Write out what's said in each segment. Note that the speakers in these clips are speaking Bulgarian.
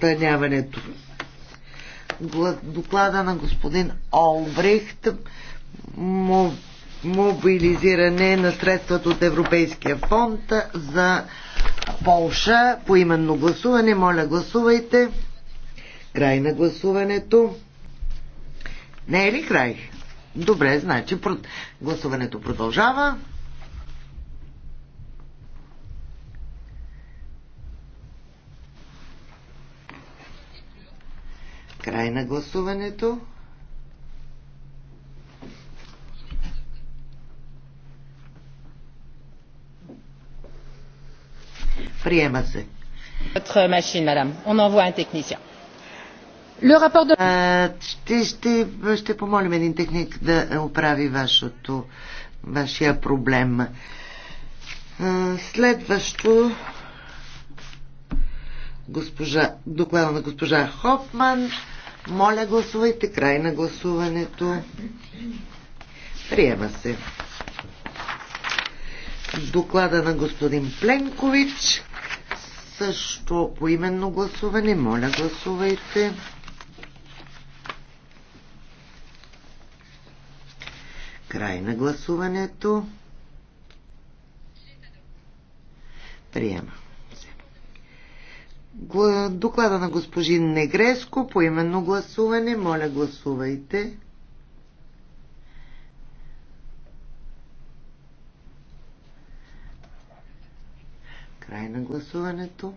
разпространяването. Доклада на господин Олбрехт мобилизиране на средствата от Европейския фонд за Полша по именно гласуване. Моля, гласувайте. Край на гласуването. Не е ли край? Добре, значи гласуването продължава. Край на гласуването. Приема се. Votre machine, madame. On envoie un technicien. Le rapport de... ще, ще, ще помолим един техник да оправи вашето, вашия проблем. А, следващо госпожа, доклада на госпожа Хофман. Моля, гласувайте край на гласуването. Приема се. Доклада на господин Пленкович. Също по именно гласуване. Моля, гласувайте. Край на гласуването. Приема. Доклада на госпожин Негреско по именно гласуване. Моля, гласувайте. Край на гласуването.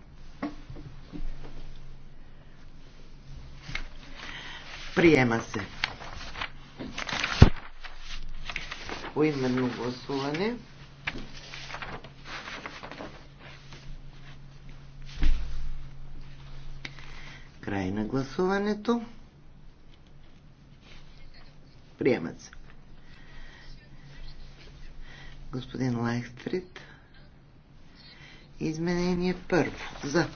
Приема се. По именно гласуване. Край на гласуването. Приемат се. Господин Лайхстрит. Изменение първо. За.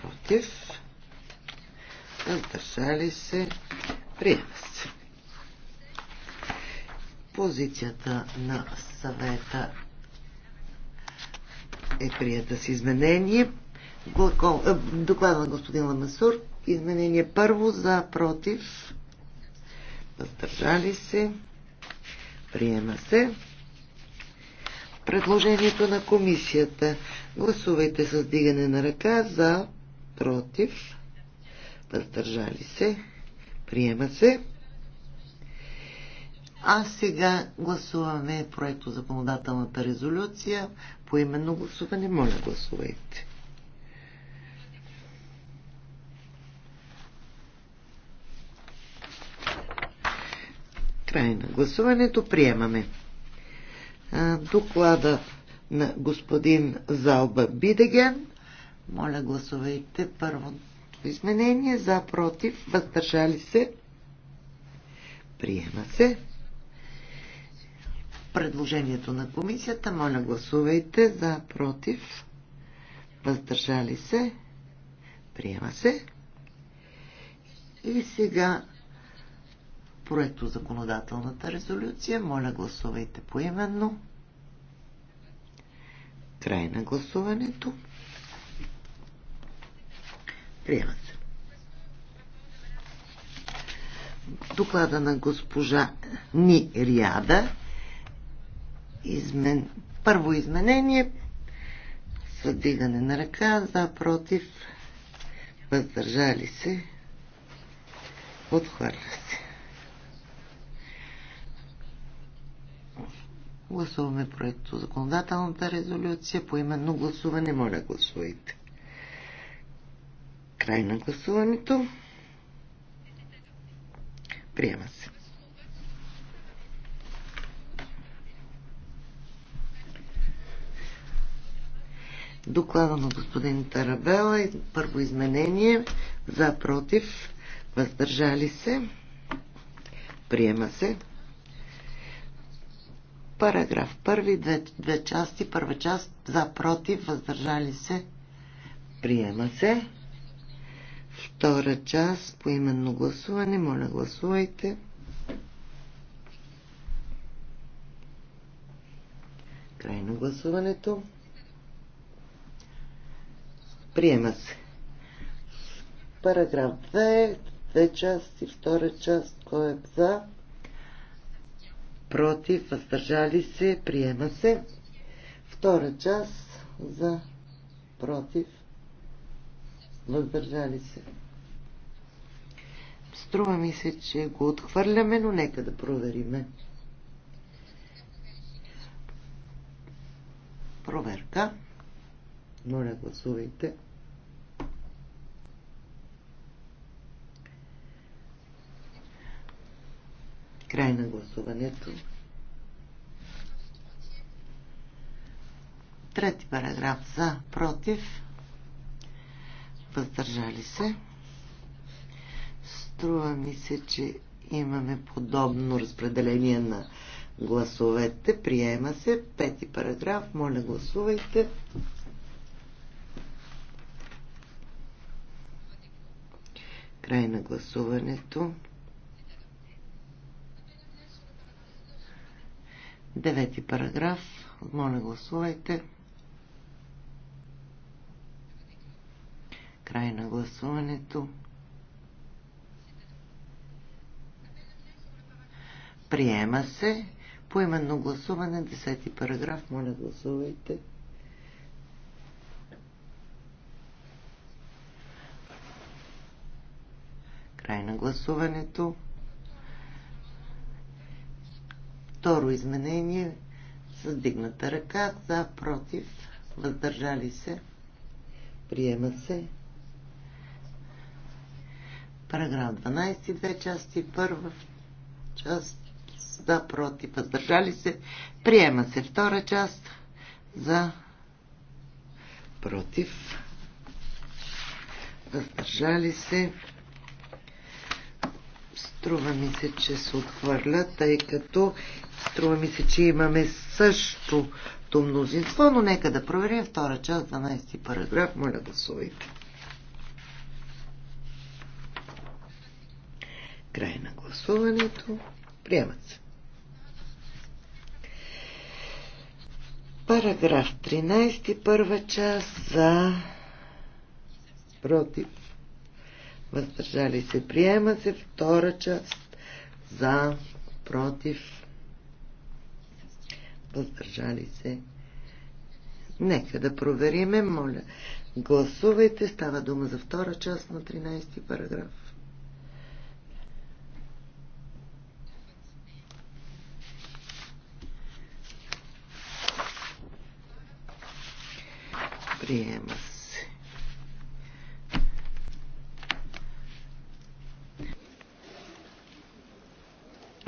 Против. Въздържали се. Приема се. Позицията на съвета е прията с изменение. Е, доклада на господин Ламасур. Изменение първо за против. Въздържали се. Приема се. Предложението на комисията. Гласувайте с дигане на ръка за против. Въздържали се. Приема се. А сега гласуваме проекто законодателната резолюция. По именно гласуване, моля гласувайте. Край на гласуването. Приемаме. Доклада на господин Залба Бидеген. Моля, гласувайте първото изменение. За, против, въздържали се. Приема се. Предложението на комисията. Моля, гласувайте. За, против, въздържали се. Приема се. И сега проекто законодателната резолюция. Моля, гласувайте поименно. Край на гласуването. Приема се. Доклада на госпожа Ни Ряда. Измен... Първо изменение. Съдигане на ръка. За, против. Въздържали се. Отхвърля се. Гласуваме проекто законодателната резолюция. По именно гласуване, моля гласувайте. Край на гласуването. Приема се. Доклада на господин Тарабела и първо изменение за против въздържали се. Приема се. Параграф първи, две, две части. Първа част за против, въздържали се. Приема се. Втора част по именно гласуване. Моля, гласувайте. Край на гласуването. Приема се. Параграф 2, две части, втора част, кой е за? против, въздържали се, приема се. Втора част за против, въздържали се. Струва ми се, че го отхвърляме, но нека да провериме. Проверка. Моля, гласувайте. Край на гласуването. Трети параграф за, против, въздържали се. Струва ми се, че имаме подобно разпределение на гласовете. Приема се. Пети параграф. Моля, гласувайте. Край на гласуването. Девети параграф. Моля, гласувайте. Край на гласуването. Приема се. Поименно гласуване. Десети параграф. Моля, гласувайте. Край на гласуването. Второ изменение с дигната ръка за против. Въздържали се. Приема се. Параграф 12, две части. Първа част за против. Въздържали се. Приема се. Втора част за против. Въздържали се. Струва ми се, че се отхвърля, тъй като Струва ми се, че имаме същото мнозинство, но нека да проверим втора част, 12 параграф. Моля гласувайте. Край на гласуването. Приемат се. Параграф 13, първа част за против. Въздържали се. Приема се втора част за против въздържали се. Нека да провериме, моля. Гласувайте, става дума за втора част на 13 параграф. Приема се.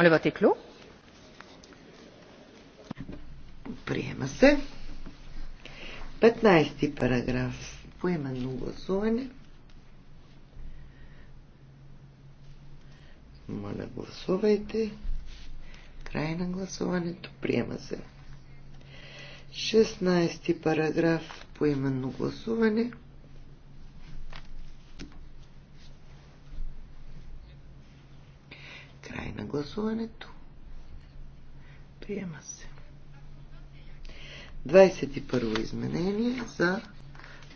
Le vote Приема се. 15 параграф. Поименно гласуване. Моля, гласувайте. Край на гласуването. Приема се. 16 параграф. Поименно гласуване. Край на гласуването. Приема се. 21 изменение за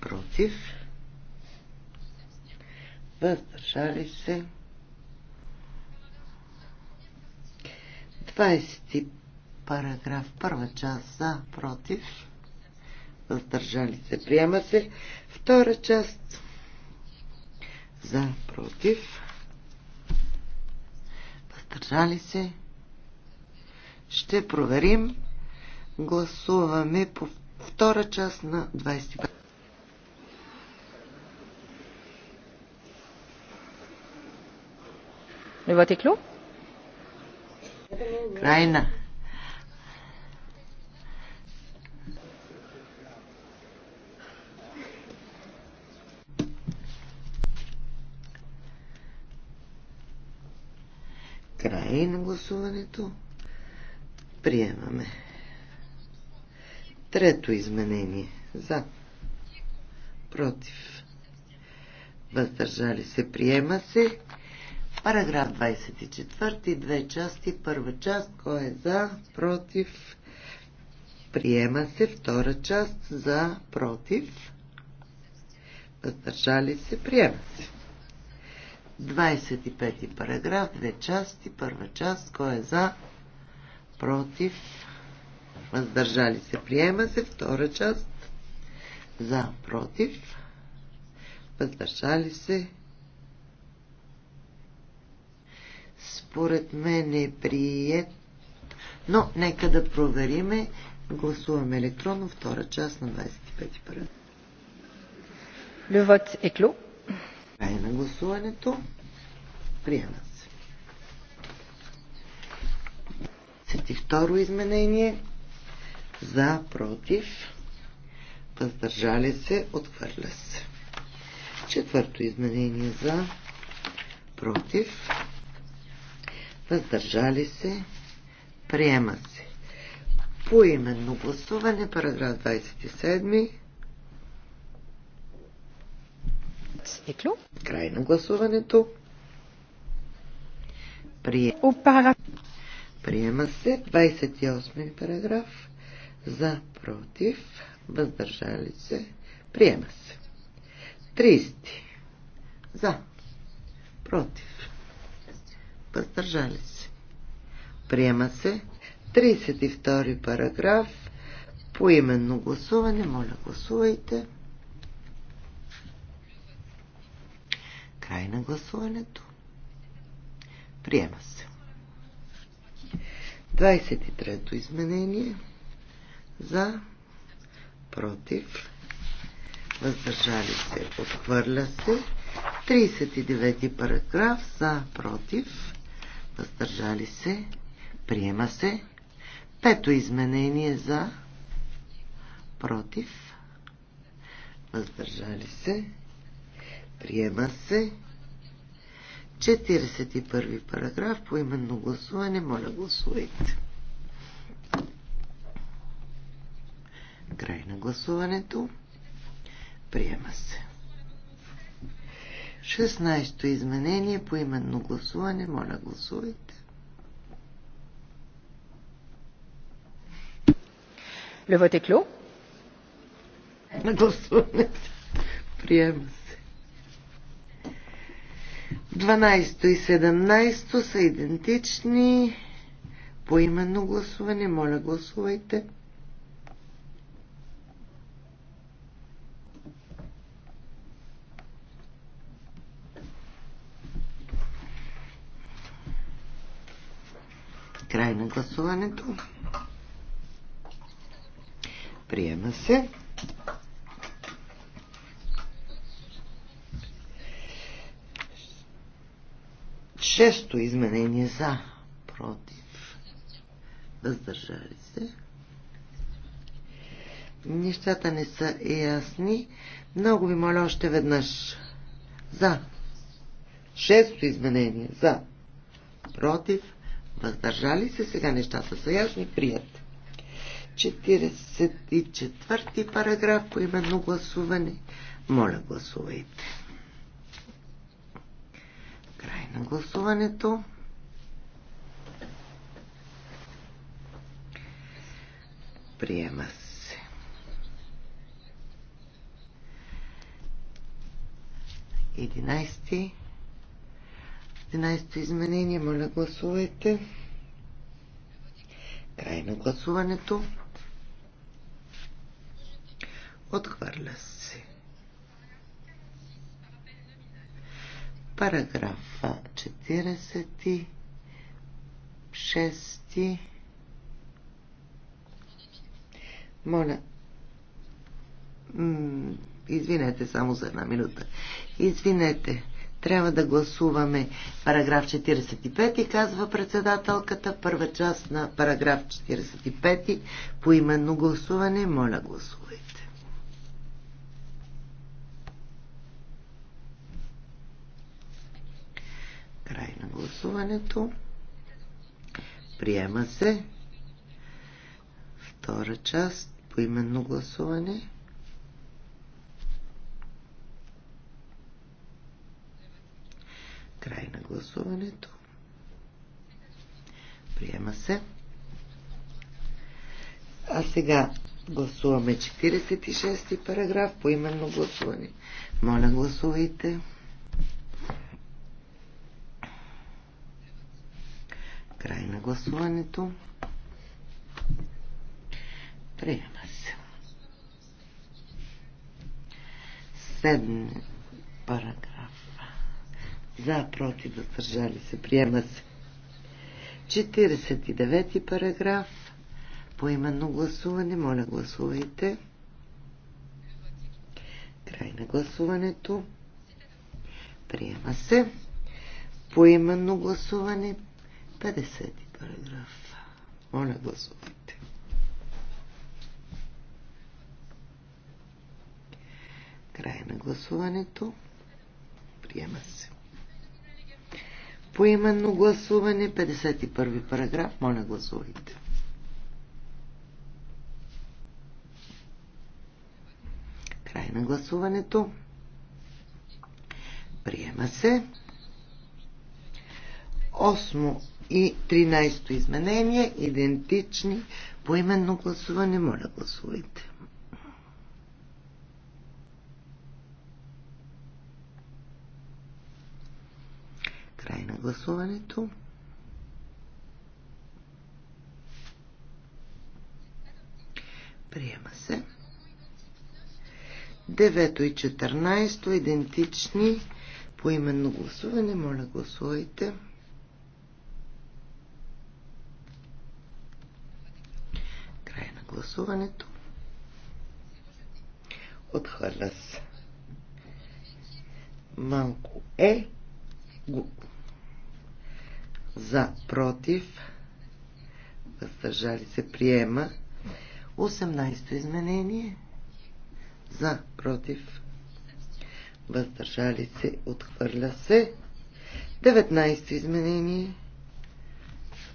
против. Въздържали се. 20 параграф, първа част за против. Въздържали се. Приема се. Втора част за против. Въздържали се. Ще проверим. Гласуваме по втора част на 25. Le vote est clos. Крайна. Край на гласуването. Приемаме. Трето изменение. За. Против. Въздържали се. Приема се. Параграф 24. Две части. Първа част. Кой е за? Против. Приема се. Втора част. За. Против. Въздържали се. Приема се. 25 параграф. Две части. Първа част. Кой е за? Против въздържали се, приема се. Втора част за, против, въздържали се. Според мен е прият, но нека да провериме. Гласуваме електронно втора част на 25 параграф. Le vote est clos. Край на гласуването. Приема се. второ изменение за, против, въздържали се, отхвърля се. Четвърто изменение за, против, въздържали се, приема се. По именно гласуване, параграф 27. Стекло. Е Край на гласуването. Приема. Приема се 28 параграф за против, въздържали се, приема се. 30 за против, въздържали се, приема се. 32 параграф по именно гласуване, моля гласувайте. Край на гласуването. Приема се. 23-то изменение за, против, въздържали се, отхвърля се. 39 параграф за, против, въздържали се, приема се. Пето изменение за, против, въздържали се, приема се. 41 параграф по именно гласуване, моля гласувайте. Край на гласуването. Приема се. 16-то изменение по именно гласуване. Моля, гласувайте. Левате клю. На гласуването. Приема се. 12 и 17 са идентични. По именно гласуване. Моля, гласувайте. Край на гласуването. Приема се. Шесто изменение за, против, въздържали се. Нещата не са ясни. Много ви моля още веднъж. За. Шесто изменение. За. Против въздържали се. Сега нещата са ясни, прият. 44-ти параграф по именно гласуване. Моля, гласувайте. Край на гласуването. Приема се. Единайсти. 11 11 изменение. Моля, гласувайте. Край на гласуването. Отхвърля се. Параграф 46. Моля. Извинете само за една минута. Извинете. Трябва да гласуваме параграф 45 и казва председателката първа част на параграф 45 по именно гласуване. Моля гласувайте. Край на гласуването. Приема се. Втора част по именно гласуване. гласуването. Приема се. А сега гласуваме 46-ти параграф по именно гласуване. Моля, гласувайте. Край на гласуването. Приема се. Седми параграф за, против, въздържали се, приема се. 49 параграф. По именно гласуване. Моля, гласувайте. Край на гласуването. Приема се. По именно гласуване. 50 параграф. Моля, гласувайте. Край на гласуването. Приема се. Поименно гласуване, 51 параграф. Моля, гласувайте. Край на гласуването. Приема се. Осмо и 13 изменение, идентични, поименно гласуване. Моля, гласувайте. гласуването. Приема се. 9 и 14 идентични по именно гласуване. Моля, гласувайте. Край на гласуването. Отхвърля се. Малко е за, против, въздържали се, приема. 18-то изменение за, против, въздържали се, отхвърля се. 19-то изменение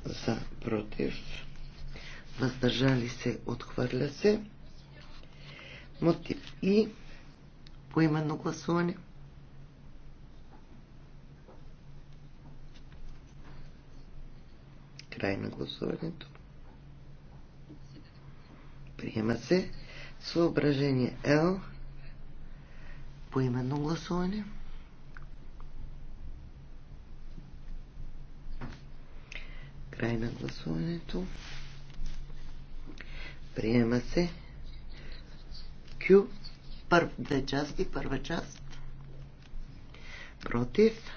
за, против, въздържали се, отхвърля се. Мотив и поименно гласуване. Край на гласуването. Приема се. Съображение L. именно гласуване. Край на гласуването. Приема се. Q. Първ, две части. Първа част. Против.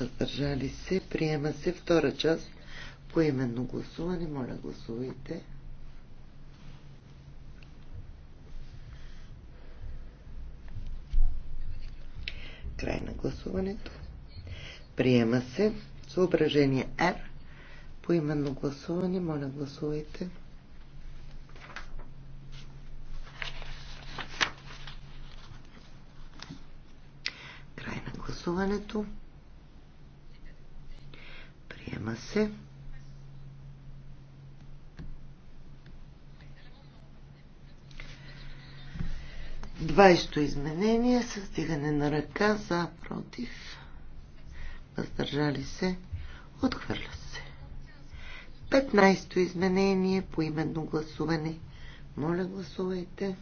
Въздържали се. Приема се. Втора част. Поименно гласуване, моля гласувайте. Край на гласуването. Приема се съображение R. Поименно гласуване, моля гласувайте. Край на гласуването. Приема се. 20 изменение с дигане на ръка за против. Въздържали се. Отхвърля се. 15-то изменение по именно гласуване. Моля, гласувайте.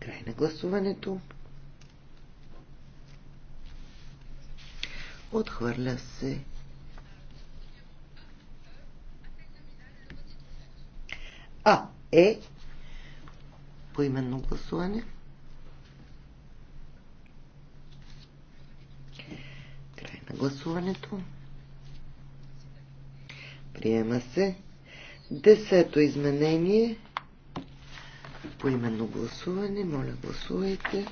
Край на гласуването. Отхвърля се. А, е поименно гласуване. Край на гласуването. Приема се. Десето изменение. Поименно гласуване. Моля, гласувайте.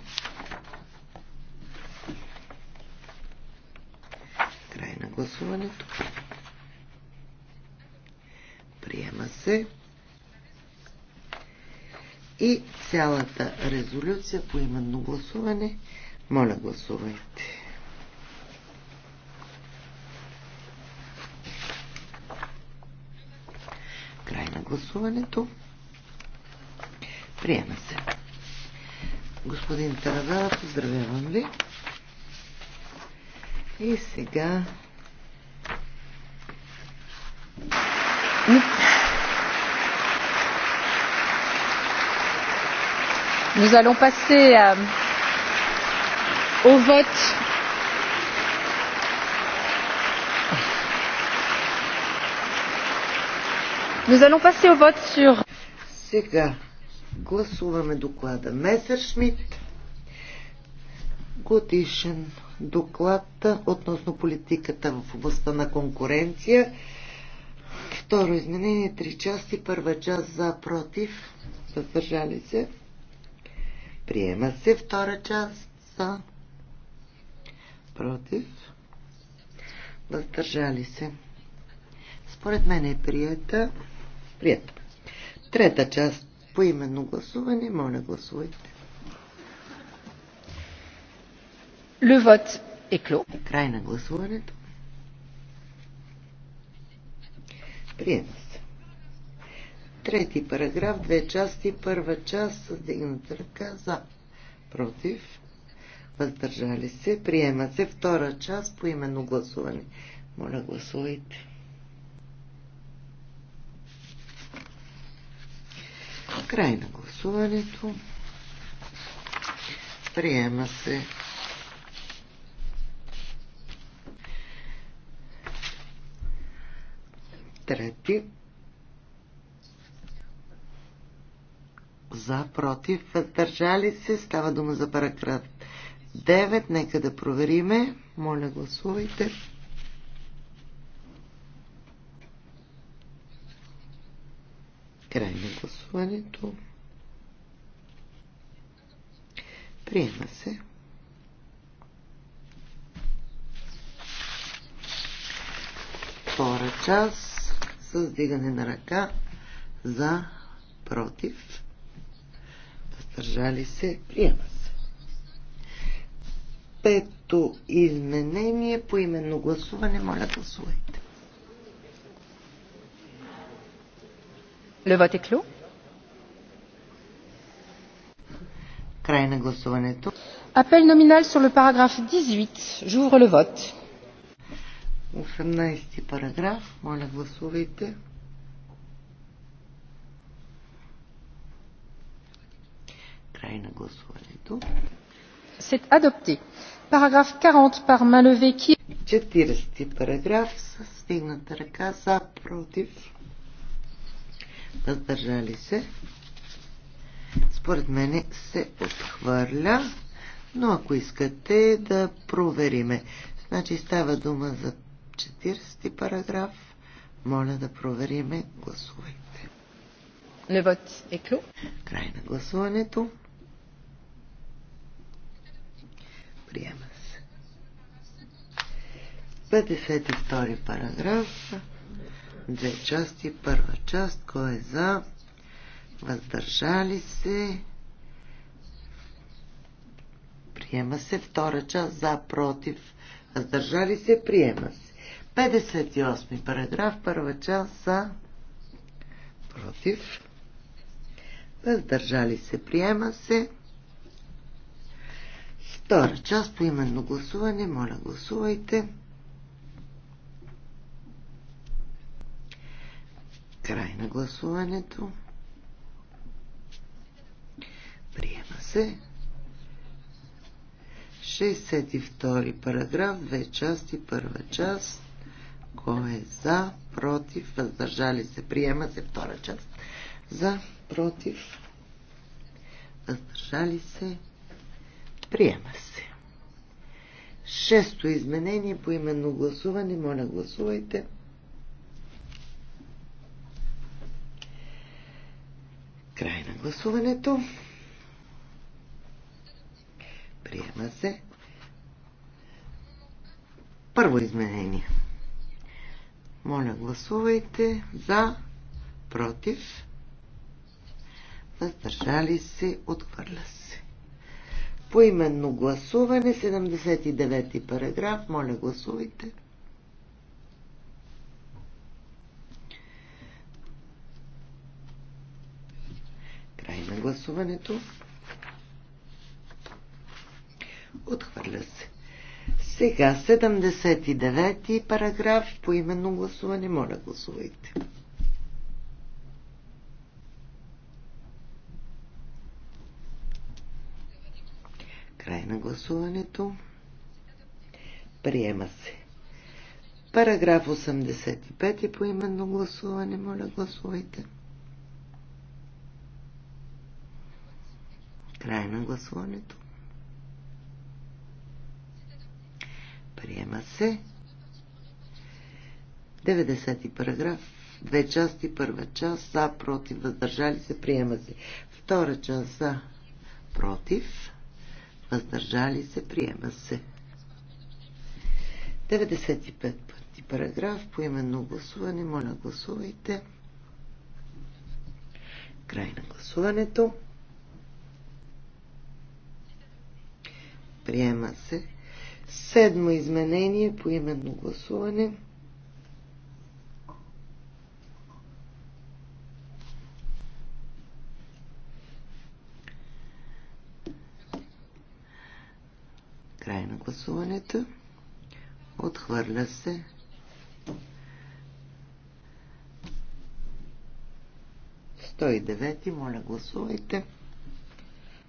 Край на гласуването. Приема се и цялата резолюция по именно гласуване. Моля, гласувайте. Край на гласуването. Приема се. Господин Тарадава, поздравявам ви. И сега Nous allons passer euh, au vote. Nous allons passer au vote sur. Сега гласуваме доклада Месершмит. Годишен доклад относно политиката в областта на конкуренция. Второ изменение, три части, първа част за, против, Съдържали се. Приема се втора част за. Против. Въздържали се. Според мен е прията. Прията. Трета част по именно гласуване. Моля, гласувайте. Лювът е клюк. Край на гласуването. Приема се. Трети параграф, две части, първа част с дигната ръка за, против, въздържали се, приема се втора част по именно гласуване. Моля, гласувайте. Край на гласуването. Приема се. Трети за, против, въздържали се. Става дума за параграф 9. Нека да провериме. Моля, гласувайте. Край на гласуването. Приема се. Втора част с дигане на ръка за против въздържали се, приема се. Пето изменение по именно гласуване, моля гласувайте. Левате клю. Край на гласуването. Апел номинал sur le параграф 18. J'ouvre le vote. 18 параграф. Моля гласувайте. Край на гласуването. C'est адопти. Параграф 40 par main levée qui... 40 параграф с стигната ръка за против. Въздържали се. Според мен се отхвърля, но ако искате да провериме. Значи става дума за 40 ти параграф. Моля да провериме. Гласувайте. Le vote Край на гласуването. Приема се. 52 параграф. Две части. Първа част. Кой е за? Въздържали се. Приема се. Втора част. За, против. Въздържали се. Приема се. 58 параграф. Първа част. За, против. Въздържали се. Приема се. Втора част по именно гласуване. Моля, гласувайте. Край на гласуването. Приема се. 62 параграф, две части, първа част. Кой е за, против, въздържали се, приема се втора част. За, против, въздържали се, Приема се. Шесто изменение по именно гласуване. Моля, гласувайте. Край на гласуването. Приема се. Първо изменение. Моля, гласувайте за, против, въздържали се, отхвърля се. По именно гласуване, 79 параграф, моля гласувайте. Край на гласуването. Отхвърля се. Сега 79 параграф по именно гласуване. Моля гласувайте. гласуването. Приема се. Параграф 85 и е по именно гласуване. Моля, гласувайте. Край на гласуването. Приема се. 90 параграф. Две части. Първа част. За, против, въздържали се. Приема се. Втора част. За, против въздържали се, приема се. 95 пъти параграф по именно гласуване. Моля, гласувайте. Край на гласуването. Приема се. Седмо изменение по именно гласуване. гласуването. Отхвърля се. Сто и девети, моля гласувайте.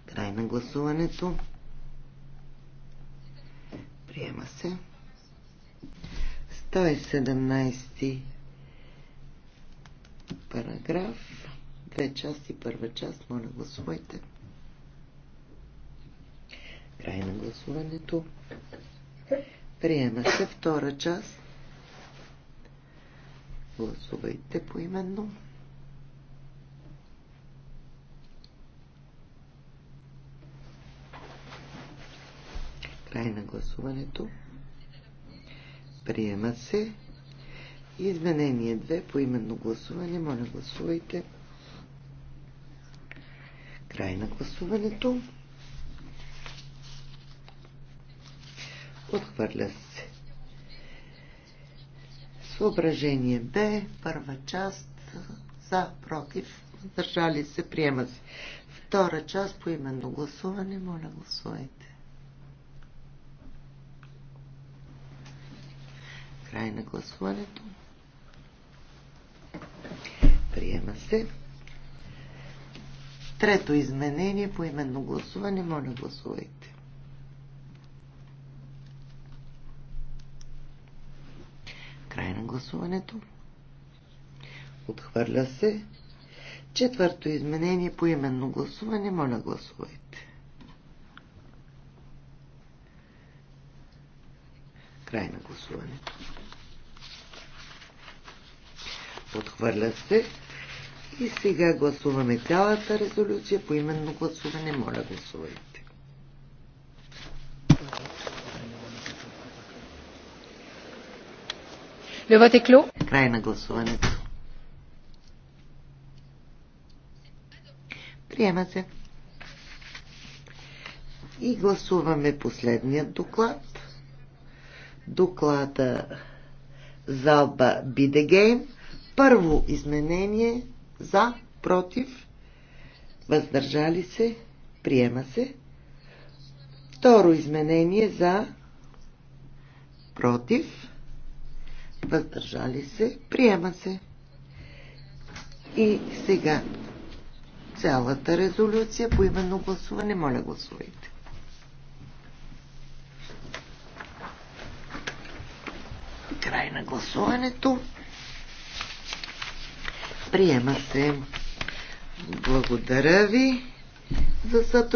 Край на гласуването. Приема се. 117 параграф. Две части, първа част, моля гласувайте. Край на гласуването. Приема се втора част. Гласувайте поименно. Край на гласуването. Приема се. Изменение 2 по именно гласуване. Моля гласувайте. Край на гласуването. Отхвърля се. Съображение Б, първа част, за, против, държали се, приема се. Втора част по именно гласуване, моля гласувайте. Край на гласуването. Приема се. Трето изменение по именно гласуване, моля гласувайте. Край на гласуването. Отхвърля се. Четвърто изменение по именно гласуване. Моля, гласувайте. Край на гласуването. Отхвърля се. И сега гласуваме цялата резолюция по именно гласуване. Моля, гласувайте. Край на гласуването. Приема се. И гласуваме последният доклад. Доклада Залба Бидегейм. Първо изменение за, против, въздържали се, приема се. Второ изменение за, против, въздържали се, приема се. И сега цялата резолюция по именно гласуване, моля гласувайте. Край на гласуването. Приема се. Благодаря ви за сътрудничеството.